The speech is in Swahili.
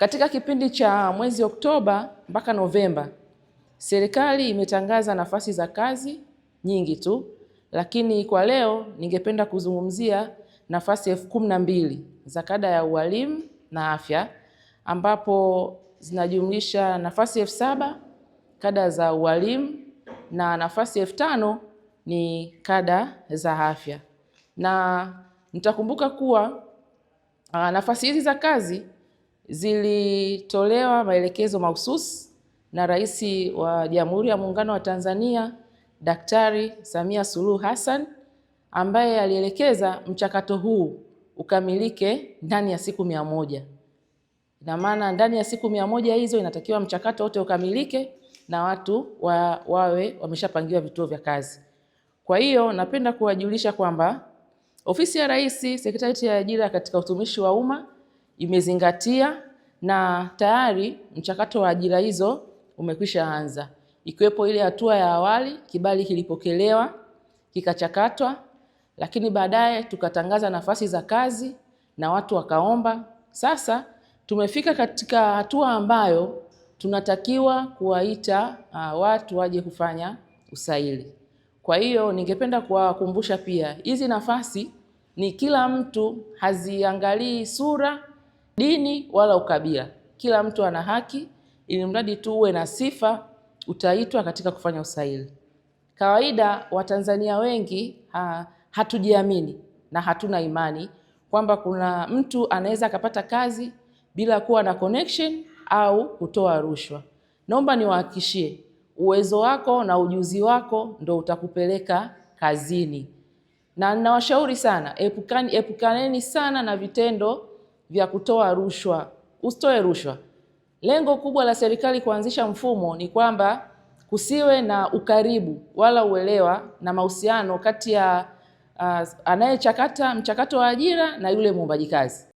Katika kipindi cha mwezi Oktoba mpaka Novemba, serikali imetangaza nafasi za kazi nyingi tu, lakini kwa leo ningependa kuzungumzia nafasi elfu kumi na mbili za kada ya ualimu na afya ambapo zinajumlisha nafasi elfu saba kada za ualimu na nafasi elfu tano ni kada za afya. Na mtakumbuka kuwa ah, nafasi hizi za kazi zilitolewa maelekezo mahususi na Rais wa Jamhuri ya Muungano wa Tanzania Daktari Samia Suluhu Hassan ambaye alielekeza mchakato huu ukamilike ndani ya siku mia moja. Ina maana ndani ya siku mia moja hizo inatakiwa mchakato wote ukamilike na watu wa, wawe wameshapangiwa vituo vya kazi. Kwa hiyo napenda kuwajulisha kwamba Ofisi ya Rais, Sekretarieti ya Ajira katika Utumishi wa Umma imezingatia na tayari mchakato wa ajira hizo umekwisha anza, ikiwepo ile hatua ya awali, kibali kilipokelewa kikachakatwa, lakini baadaye tukatangaza nafasi za kazi na watu wakaomba. Sasa tumefika katika hatua ambayo tunatakiwa kuwaita uh, watu waje kufanya usaili. Kwa hiyo ningependa kuwakumbusha pia hizi nafasi ni kila mtu haziangalii sura dini wala ukabila. Kila mtu ana haki, ili mradi tu uwe na sifa, utaitwa katika kufanya usaili. Kawaida Watanzania wengi ha, hatujiamini na hatuna imani kwamba kuna mtu anaweza akapata kazi bila kuwa na connection au kutoa rushwa. Naomba niwahakikishie, uwezo wako na ujuzi wako ndo utakupeleka kazini, na ninawashauri sana, epukani, epukaneni sana na vitendo vya kutoa rushwa. Usitoe rushwa. Lengo kubwa la serikali kuanzisha mfumo ni kwamba kusiwe na ukaribu wala uelewa na mahusiano kati ya uh, anayechakata mchakato wa ajira na yule muombaji kazi.